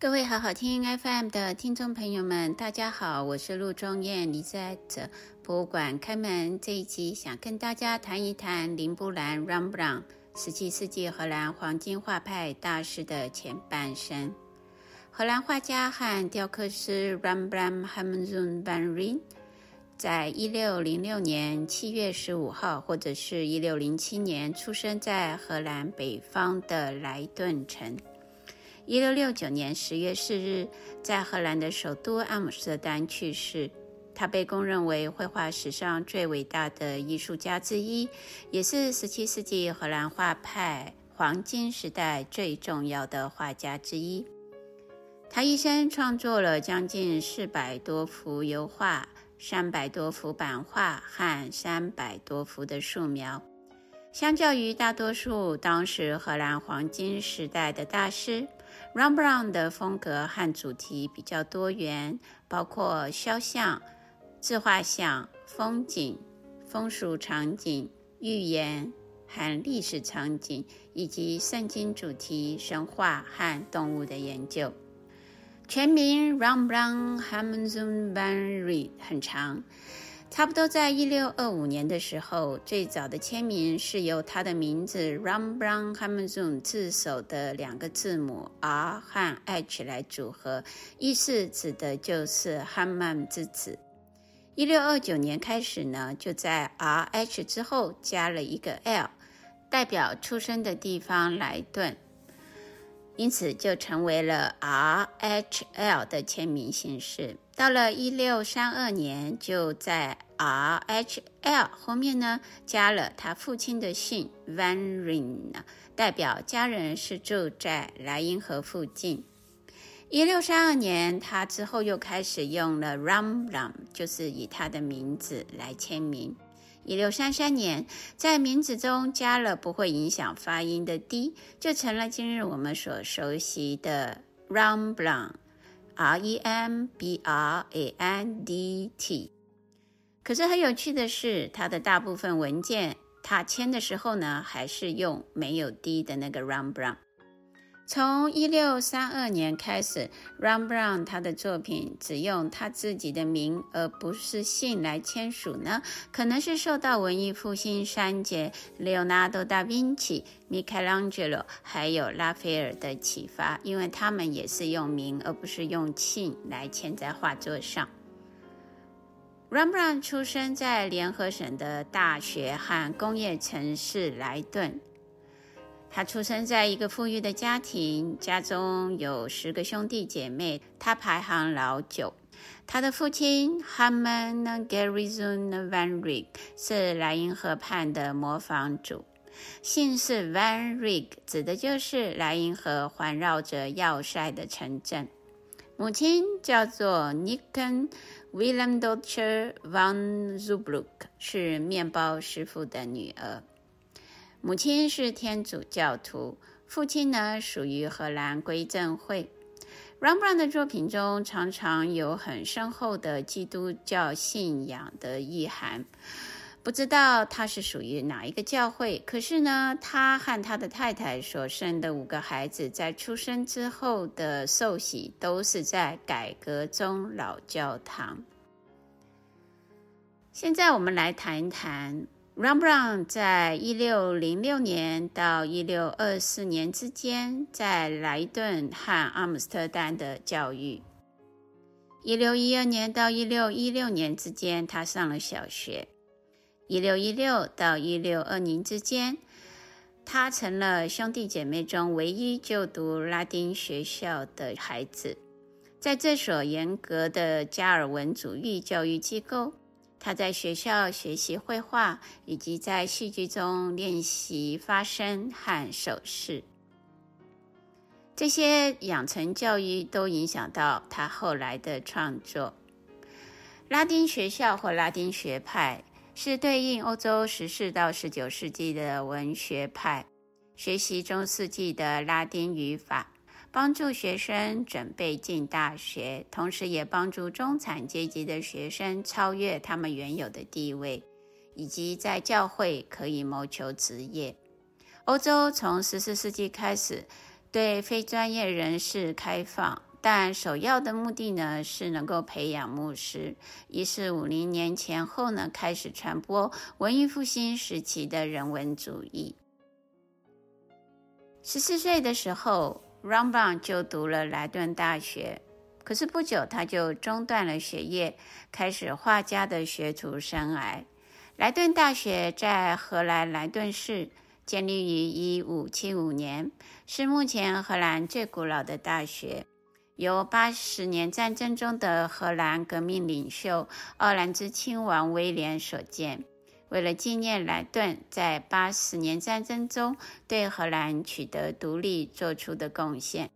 各位好好聽 FM 的聽眾朋友們，大家好，我是陸鍾艷。你在博物館開門這一集，想跟大家談一談林布蘭 Rembrandt 十七世紀荷蘭黃金畫派大師的前半生。荷蘭畫家和雕刻師 Rembrandt Harmenszoon van Rijn 在一六零六年七月十五號，或者是一六零七年，出生在荷蘭北方的萊頓城。一六六九年十月四日，在荷蘭的首都阿姆斯特丹去世。他被公認為繪畫史上最偉大的藝術家之一，也是十七世紀荷蘭畫派黃金時代最重要的畫家之一。他一生創作了將近四百多幅油畫、三百多幅版畫和三百多幅的素描。相較於大多數當時荷蘭黃金時代的大師。Rembrandt 的風格和主題比較多元，包括肖像、自畫像、風景、風俗場景、寓言、含歷史場景以及聖經主題、神話和動物的研究。全名 Rembrandt Harmenszoon van Rijn 很長。差不多在一六二五年的時候，最早的簽名是由他的名字 Rembrandt Harmenszoon 字首的兩個字母 R 和 H 來組合，意思指的就是 Harmen 之子。一六二九年開始呢，就在 R H 之後加了一個 L，代表出生的地方萊頓。因此就成為了 RHL 的簽名形式。到了一六三二年，就在 RHL 後面呢，加了他父親的姓 van Rijn，代表家人是住在萊茵河附近。一六三二年，他之後又開始用了 Ram Ram，就是以他的名字來簽名。一六三三年，在名字中加了不會影響發音的 “d”，就成了今日我們所熟悉的 Rembrandt，R-E-M-B-R-A-N-D-T。可是很有趣的是，他的大部分文件，他簽的時候呢，還是用沒有 “d” 的那個 Rembrant。從一六三二年開始 Rembrandt 他的作品只用他自己的名，而不是姓來簽署呢？可能是受到文藝復興三傑—— Leonardo da Vinci, Michelangelo，還有拉斐爾的啟發，因為他們也是用名而不是用姓來簽在畫作上。Rembrandt 出生在聯合省的大學和工業城市萊頓。他出生在一個富裕的家庭，家中有十個兄弟姐妹，他排行老九。他的父親 Harmen Gerritszoon van Rijn 是萊茵河畔的磨坊主，姓氏 van Rijn 指的就是萊茵河環繞着要塞的城鎮。母親叫做 Neeltgen Willemsdochter van Zuytbrouck，是麵包師傅的女兒。母親是天主教徒，父親呢，屬於荷蘭歸正會。Rembrandt 的作品中常常有很深厚的基督教信仰的意涵。不知道他是屬於哪一個教會，可是呢，他和他的太太所生的五個孩子在出生之後的受洗都是在改革宗老教堂。現在我們來談一談。Rembrandt 在一六零六年到一六二四年之間，在萊頓和阿姆斯特丹的教育；一六一二年到一六一六年之間，他上了小學；一六一六到一六二零之間，他成了兄弟姐妹中唯一就讀拉丁學校的孩子，在這所嚴格的加爾文主義教育機構。他在學校學習繪畫，以及在戲劇中練習發聲和手勢。這些養成教育都影響到他後來的創作。拉丁學校或拉丁學派是對應歐洲十四到十九世紀的文學派，學習中世紀的拉丁語法。幫助學生準備進大學，同時也幫助中產階級的學生超越他們原有的地位，以及在教會可以謀求職業。歐洲從十四世紀開始對非專業人士開放，但首要的目的呢是能夠培養牧師。一四五零年前後呢開始傳播文藝復興時期的人文主義。十四歲的時候。Rembrandt 就讀了萊頓大學，可是不久他就中斷了學業，開始畫家的學徒生涯。萊頓大學在荷蘭萊頓市建立於1575年，是目前荷蘭最古老的大學，由八十年戰爭中的荷蘭革命領袖奧蘭治親王威廉所建。為了紀念萊頓在八十年戰爭中對荷蘭取得獨立做出的貢獻，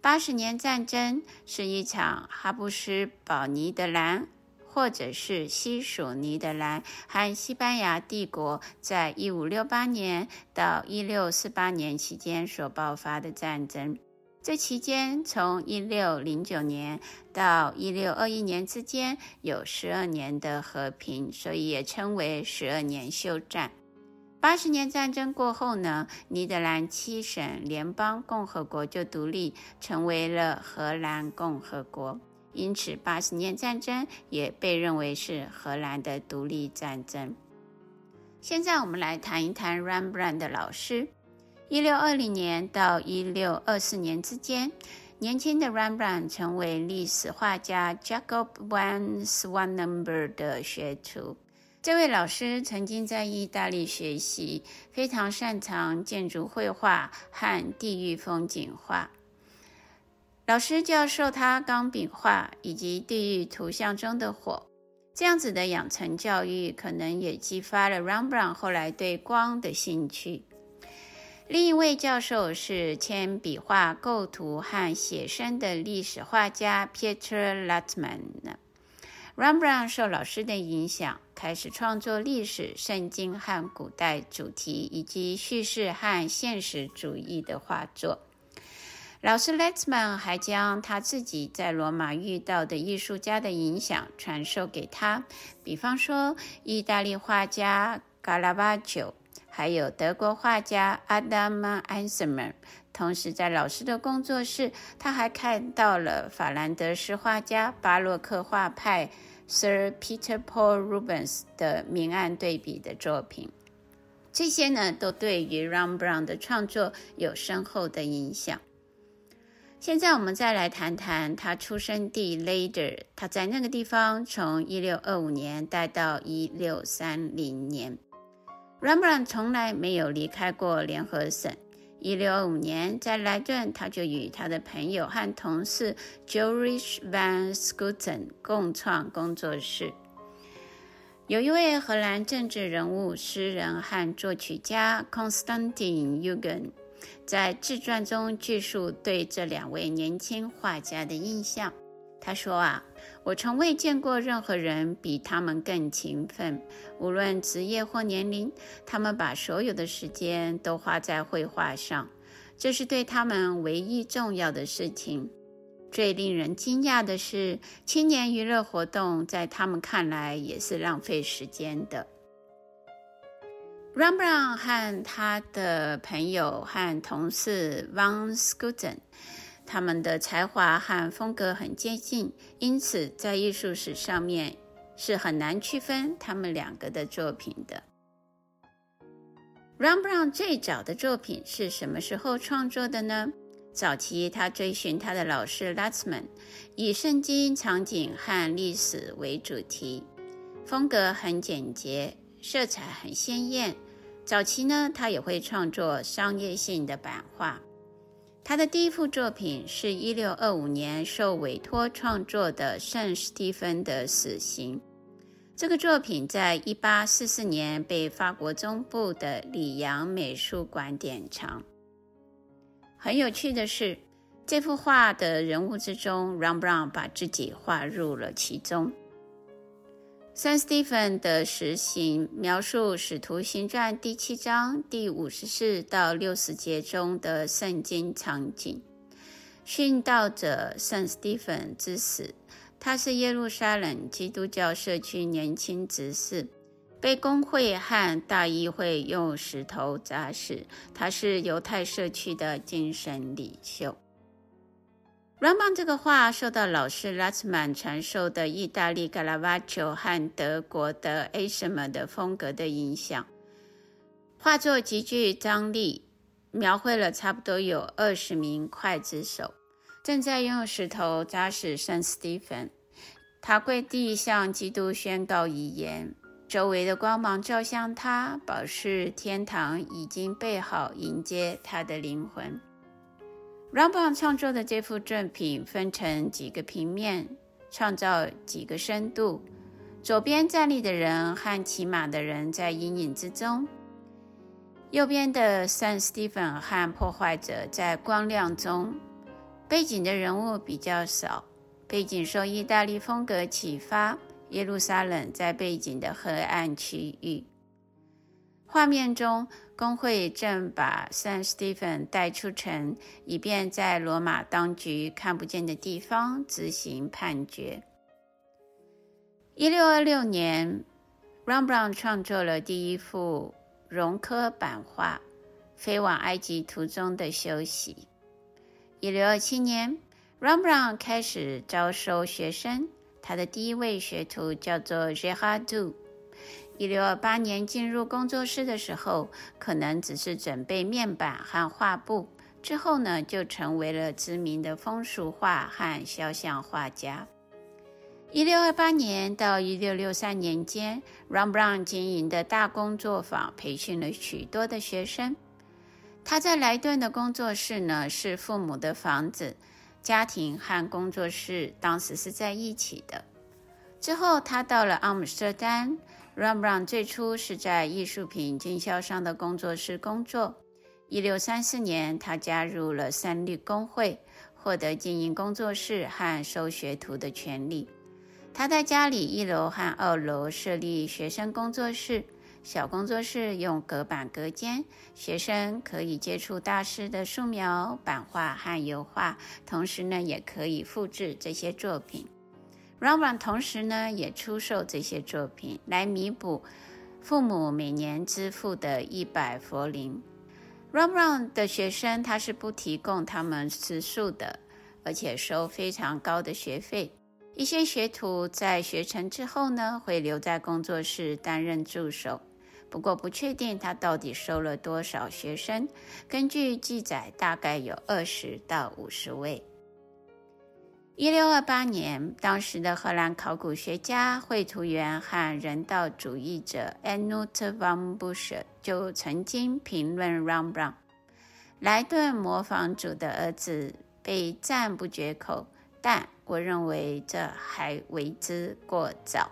八十年戰爭是一場哈布斯堡尼德蘭或者是西屬尼德蘭和西班牙帝國在一五六八年到一六四八年期間所爆發的戰爭。這期間，從一六零九年到一六二一年之間有十二年的和平，所以也稱為十二年休戰。八十年戰爭過後呢，尼德蘭七省聯邦共和國就獨立成為了荷蘭共和國，因此八十年戰爭也被認為是荷蘭的獨立戰爭。現在我們來談一談 Rembrandt 的老師。一六二零年到一六二四年之間，年輕的 Rembrandt 成為歷史畫家 Jacob van Swanenburgh 的學徒。這位老師曾經在意大利學習，非常擅長建築繪畫和地獄風景畫。老師教授他鋼筆畫以及地獄圖像中的火。這樣子的養成教育，可能也激發了 Rembrandt 後來對光的興趣。另一位教授是鉛筆畫構圖和寫生的歷史畫家 Pieter Lastman。Rembrandt 受老師的影響，開始創作歷史、聖經和古代主題，以及敘事和現實主義的畫作。老師 Lastman 還將他自己在羅馬遇到的藝術家的影響傳授給他，比方說意大利畫家 Caravaggio 還有德國畫家 Adam Elsheimer，同時在老師的工作室，他還看到了法蘭德斯畫家巴洛克畫派 Sir Peter Paul Rubens 的明暗對比的作品。這些呢，都對於 Rembrandt 的創作有深厚的影響。現在我們再來談談他出生地 Leiden，他在那個地方從1625年待到1630年。倫勃朗從來沒有離開過聯合省。1625年在萊頓，他就與他的朋友和同事 Joris van Schooten 共創工作室。有一位荷蘭政治人物、詩人和作曲家 Constantijn Huygens 在自傳中敘述對這兩位年輕畫家的印象。他說啊。我從未見過任何人比他們更勤奮，無論職業或年齡，他們把所有的時間都花在繪畫上，這是對他們唯一重要的事情。最令人驚訝的是，青年娛樂活動在他們看來也是浪費時間的。Rembrandt 和他的朋友和同事 Van Schooten 他們的才華和風格很接近，因此在藝術史上面是很難區分他們兩個的作品的。Rembrandt 最早的作品是什麼時候創作的呢？早期他追尋他的老師 Lastman，以聖經場景和歷史為主題，風格很簡潔，色彩很鮮豔。早期呢，他也會創作商業性的版畫。他的第一幅作品是一六二五年受委託創作的《聖史蒂芬的死刑》。這個作品在一八四四年被法國中部的里昂美術館典藏。很有趣的是，這幅畫的人物之中，讓布朗把自己畫入了其中。聖斯蒂芬的石刑，描述《使徒行傳》第七章第五十四到六十節中的聖經場景。殉道者聖斯蒂芬之死，他是耶路撒冷基督教社區年輕執事，被公會和大議會用石頭砸死。他是猶太社區的精神領袖。Rembrandt 這個畫受到老師拉斯曼傳授的意大利 Caravaggio 和德國的 A s m 麼的風格的影響，畫作極具張力，描繪了差不多有二十名劊子手正在用石頭砸死聖斯蒂芬，他跪地向基督宣告遺言，周圍的光芒照向他，表示天堂已經備好迎接他的靈魂。Rembrandt 創作的這幅作品分成幾個平面，創造幾個深度。左邊站立的人和騎馬的人在陰影之中，右邊的 Saint Stephen 和破壞者在光亮中。背景的人物比較少，背景受意大利風格啟發。耶路撒冷在背景的黑暗區域。畫面中。公會正把 Saint Stephen 帶出城，以便在羅馬當局看不見的地方執行判決。一六二六年，Rembrandt 創作了第一幅容科版畫《飛往埃及途中的休息》1627。一六二七年，Rembrandt 開始招收學生，他的第一位學徒叫做 Gerard Dou 一六二八年進入工作室的時候，可能只是準備面板和畫布。之後呢，就成為了知名的風俗畫和肖像畫家。一六二八年到一六六三年間，Rembrandt 經營的大工作坊培訓了許多的學生。他在萊頓的工作室呢，是父母的房子，家庭和工作室當時是在一起的。之後，他到了阿姆斯特丹。Rembrandt 最初是在藝術品經銷商的工作室工作。一六三四年，他加入了三律公會，獲得經營工作室和收學徒的權利。他在家裡一樓和二樓設立學生工作室，小工作室用隔板隔間，學生可以接觸大師的素描、版畫和油畫，同時呢，也可以複製這些作品。Rembrandt 同時呢，也出售這些作品來彌補父母每年支付的一百佛林。Rembrandt 的學生，他是不提供他們食宿的，而且收非常高的學費。一些學徒在學成之後呢，會留在工作室擔任助手，不過不確定他到底收了多少學生。根據記載，大概有二十到五十位。一六二八年，當時的荷蘭考古學家、繪圖員和人道主義者 Annoot van Busch 就曾經評論 Rembrandt 萊頓磨坊主的兒子被贊不絕口，但我認為這還為之過早。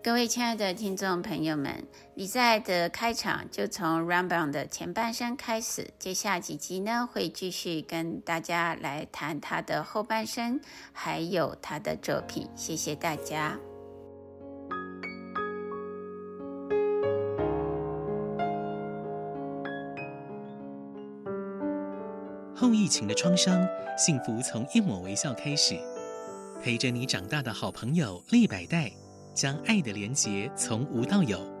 各位親愛的聽眾朋友們，你在的開場就從 Rembrandt 的前半生開始，接下幾集呢會繼續跟大家來談他的後半生，還有他的作品。謝謝大家。後疫情的創傷，幸福從一抹微笑開始。陪着你長大的好朋友立百代。將愛的連結從無到有。